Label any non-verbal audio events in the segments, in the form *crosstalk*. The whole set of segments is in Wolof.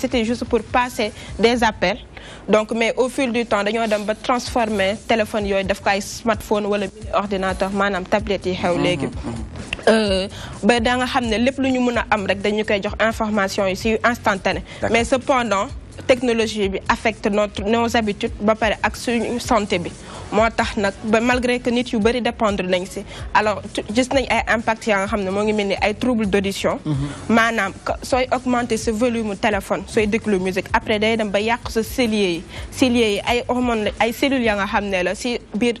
c'était juste pour passer des appels donc mais au fil du temps nous transformé transformer téléphone smartphone ordinateur tablette ils ont fait information mais cependant technologie bi affecte notre nos habitudes ba paré ak suñu santé bi motax nak ba malgré que nit yu bari dépendre nañ ci alors gis nañ ay impact ya nga xamné mo ngi melni ay troubles d'audition manam mhm. soy augmenter ce volume téléphone soy déclou musique après day dem ba yàq ce cellier yi cellier ay hormones ay cellules ya nga xamné la ci bir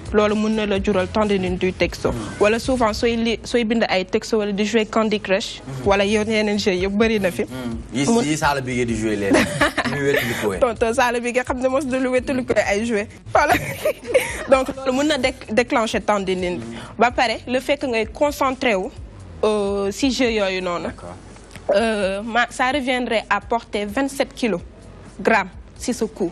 C'est mën la jural du texto souvent soy soy ay texto wala Candy Crush wala yeneen jeu bari na fi hmm. yi bi di jouer *laughs* jouer *laughs* donc déclencher le fait que soyez concentré euh, si jeu euh, ça reviendrait à porter 27 kg si ce coup.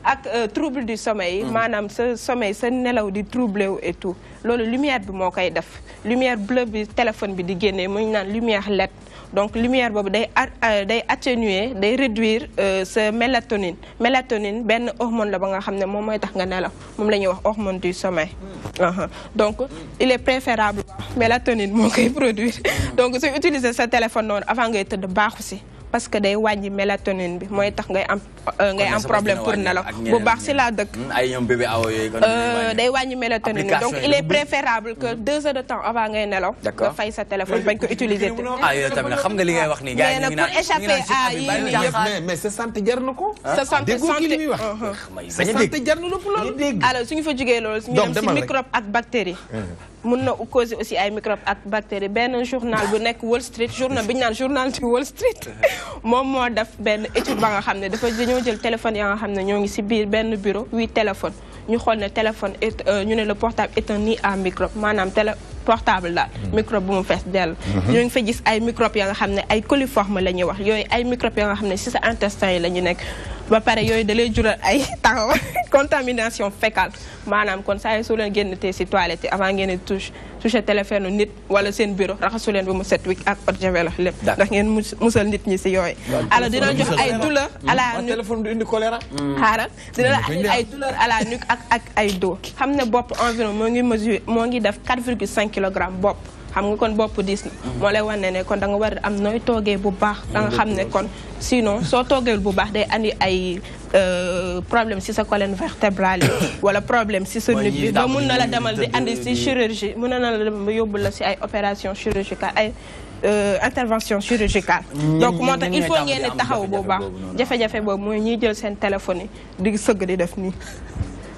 ak euh, trouble du sommeil manam mhm. ce sommeil sa nelaw di troublé et tout loolu lumière bi moo koy def lumière bleue bi téléphone bi di lumière LED donc lumière bobu day euh, day atténuer day réduire ce euh, mélatonine mélatonine ben hormone la ba nga xamné mom moy tax nga nelaw mom la wax hormone du sommeil mhm. donc il est préférable mélatonine soit koy *laughs* produire mhm. donc c'est utiliser sa téléphone non avant ngay teud baaxu parce que day wàññi mélatonine bi moy tax ngay am euh, ngay am problème pour nelaw bu baax si laa dëkk hmm, euh, day wàññi mélatonine donc il est préférable que 2 hmm. heures de temps avant ngay nelo nga fay sa téléphone bañ ko utiliser ah tamit xam nga li ngay wax ni gars yi pour échapper à yi mais mais sa santé jar na ko sa santé santé ah. li muy wax uh-huh. sa santé jar lu lépp loolu alors suñu fa jugee loolu suñu dem si microbe ak bactéries hmm. mun na causer aussi ay microbe ak bactéries benn journal bu nekk Wall Street journal ñu naan journal du Wall Street moom moo def benn étude ba nga xam ne dafa dañoo jël téléphone ya nga xam ne ñoo ngi ci biir benn bureau huit téléphone ñu xool ne téléphone euh, ñu ne le portable est un nid microbe maanaam télé portable daal hmm. microbe bu mu fees dell hmm. ñoo ngi fa gis ay microbe ya nga xam ne ay coliforme la ñuy wax yooyu ay microbe ya nga xam ne ci sa intestin yi la ñu nekk ba pare yooyu da jural *laughs* contamination fécale kon avant touche téléphone nit wala bureau set ak ndax nit ñi alors dina jox ay douleur à la téléphone du indi choléra hmm. la ay douleur à la nuque ak ak environ ngi ngi 4,5 kilogramme bopp xam nga kon bopp diis mhm. moo lay wane ne kon da nga war am nooy toogee bu baax da nga xam ne kon sinon soo toogeel bu baax day andi ay euh, problème si sa colonne vertébrale *coughs* wala problème si sa nit bi ba mun na la demal di andi si chirurgie mun na la dem yóbbu la si ay opération chirurgicale ay euh, intervention chirurgicale donc moo tax il faut ngeen taxaw bu baax jafe-jafe boobu mooy ñiy jël seen téléphone yi di sëgg di def nii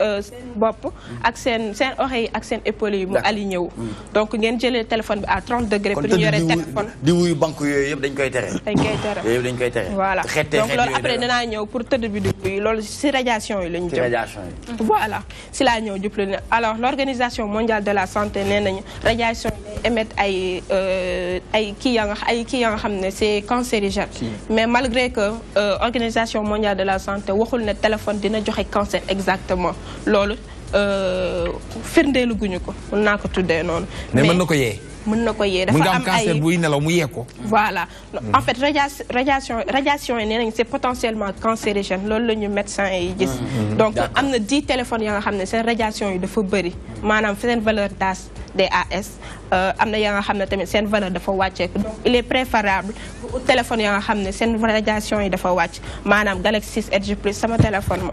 Euh, seen bopp ak sen sen oreille ak sen épaule yi mu aligné wu donc ngeen jëlee téléphone bi à 30 degré pour ñu yore téléphone di wuyu banque yooyu yëpp dañ koy téré dañ koy téré yooyu dañ koy téré voilà donc loolu après hein. danaa ñëw pour teud bi du bi loolu si radiation yi la ñu jëm voilà si la ñëw jub la alors l'organisation mondiale de la santé nee nañu radiation émettre ay euh, ay kii ya nga ay qui ya nga c'est cancérigène. mais malgré que euh, organisation mondiale de la santé waxul ne téléphone dina joxe cancer exactement loolu euh, firndeelu guñu ko on naa ko tuddee noonu. mais mën nako yé mën na ko yee dafa am ay buy nelaw mu yee ko voilà hmm. en fait radiation radiation yi nee nañ c'est potentiellement cancérigène loolu la ñu médecin yi gis hmm, hmm, donc am na dix téléphones ya nga xam ne seen radiation yi dafa bëri maanaam seen valeur d'AS DAS euh, am na ya nga xam ne tamit seen valeur dafa wàcceeku donc il est préférable téléphone ya nga xam ne seen radiation yi dafa wàcc maanaam Galaxy 6 Edge Plus sama téléphone ma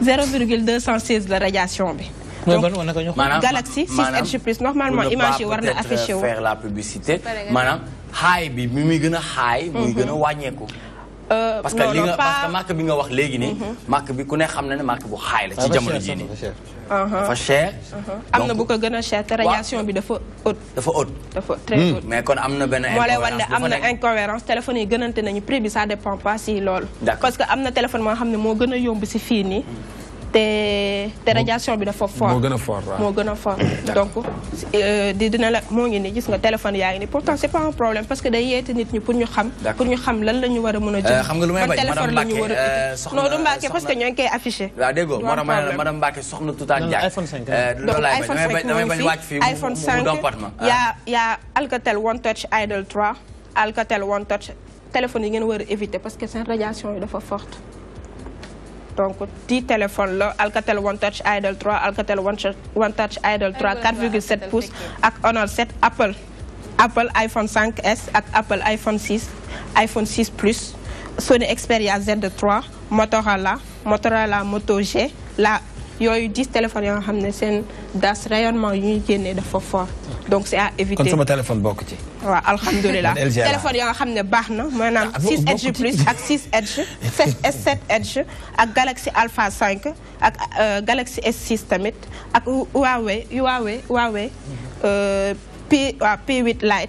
0,216 la radiation bi mooy ban woon naka ñu xool Galaxy 6 Edge Plus normalement image yi war na affiché wu faire la publicité xaay bi mi muy gën a xaay muy gën mhm. wàññeeku euh, parce que li nga parce bi nga wax léegi nii mhm. marque bi ku ne xam na ne marque bu xaay la ci ah, jamono jii nii dafa cher mhm. am na bu ko gën a cher te radiation bi dafa haute dafa haute dafa hmm. mais kon am na benn moo lay wan ne am na incohérence téléphone yi gënante nañu prix bi ça dépend pas si loolu parce que am na téléphone moo xam ne moo gën a yomb si fii nii te te radiation bi dafa fort. moo plus a fort moo plus fort donc euh, di dina la moo ngi nii téléphone yaa ngi nii pourtant c'est pas un problème parce que day yeete des gens pour nous xam. pour ñu xam lan la ñu war a mën a jël. Euh, xam nga lu may bañ madame Mbacke euh, soxna non du Mbacke parce que ñoo ngi affichés. affiché. waaw dégg nga madame Mbacke soxna tout à non, iPhone 5 donc iPhone 5 moo ngi iPhone 5 il y a Alcatel One Touch Idol 3 Alcatel One Touch téléphone vous ngeen war éviter parce que seen radiation yi dafa forte donc 10 téléphones Alcatel One Touch Idol 3 Alcatel One Touch Idol 3 4,7 pouces et Honor 7 Apple Apple iPhone 5S Apple iPhone 6 iPhone 6 Plus Sony Xperia Z3 Motorola Motorola Moto G a eu 10 téléphones yoo xam ne seen rayonnement yu de fort. donc c' est à éviter kon sama téléphone bokk ci. waaw alhamdulilah nga xam ne baax na maanaam 6 ah, edge plus ak edge 7 *laughs* edge ak Galaxy Alpha 5 ak euh, Galaxy S6 tamit ak Huawei Huawei Huawei mhm. euh, P waaw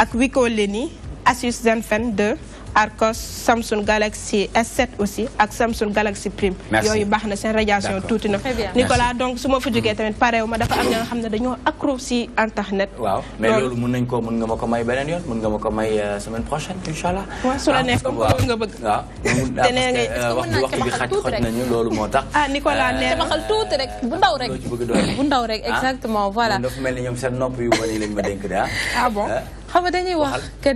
ak Wiko Leni Asus Zenfone 2. Arcos Samsung Galaxy S7 aussi ak Samsung Galaxy Prime. yooyu baax na seen radiation tuuti na. Nicolas donc su ma fa tamit pareewu ma dafa am ña nga xam ne dañoo accro si internet. waaw mais loolu mën nañ ko mën nga ma ko may beneen yoon mën nga ma ko may euh, semaine prochaine incha allah. waaw su la ah, neex comme loolu nga bëgg. waaw *laughs* te nee nga waxtu euh, waxtu bi xaj xoj nañu loolu moo tax. ma ah, euh, xal tuuti rek bu ndaw rek. *laughs* Ah, exactement voilà. dafa mel ni ñoom seen nopp yu bon yi lañ ma dénk de ah. bon xam dañuy wax que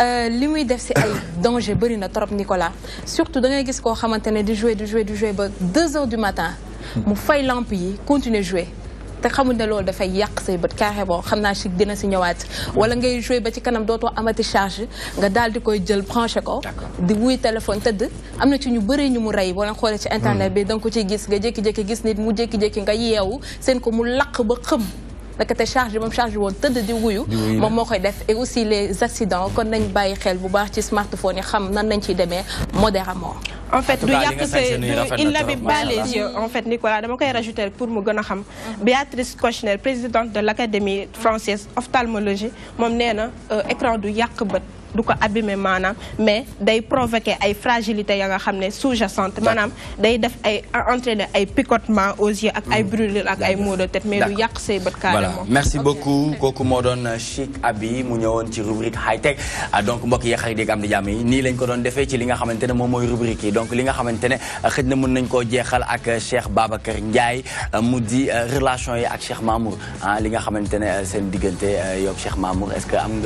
Euh, li muy def si ay danger bari na trop Nicolas surtout da ngay gis ko xamantene ne di jouer di jouer di jouer ba 2 heures du matin. mu fay lampe yi continuer jouer. te xamul ne lolou da fay yak say beut carré bon xamna naa dina ci ñëwaat wala ngay jouer ba ci kanam doto amati charge nga dal di koy jël brancher ko di wuy téléphone tëdd amna ci ñu bëri ñu mu ray wala xolé ci internet hmm. bi da nga ko ciy gis nga jékki-jékki gis nit mu jékki-jékki nga yewu seen ko mu laq ba xam ndekete charge yi de charge woon tëdd di wuyu moom moo def et aussi les accidents kon nañ baye xel bu baax ci smartphone yi xam nan nañ ci demee modérément en fait du yak il n'avait pas les yeux en fait Nicolas dama koy rajouter pour mu gëna xam mhm. Béatrice Kochner présidente de l'Académie française d'Ophtalmologie, moom nee euh, écran du yak du ko abîmer maanaam mais day provoquer ay fragilité ya nga xam sous-jacente manam day def ay entraîner ay picotement aux yeux ak ay mm. brûlures ak ay maux de tête mais du yàq say bët carrément merci beaucoup koku moo doon Chic Abi mu ñewon ci rubrique high tech ah, donc mbokk yi xarit dégg am di jàmm yi lañ ko don défé ci li nga xamante ne moom mooy rubrique yi donc li nga xamante ne xëj na mën nañ ko jéxal ak Cheikh Babacar Ndiaye mudi euh, relation yi ak Cheikh Mamour ah, li nga xamante ne euh, seen diggante euh, yow Cheikh Mamour est-ce que am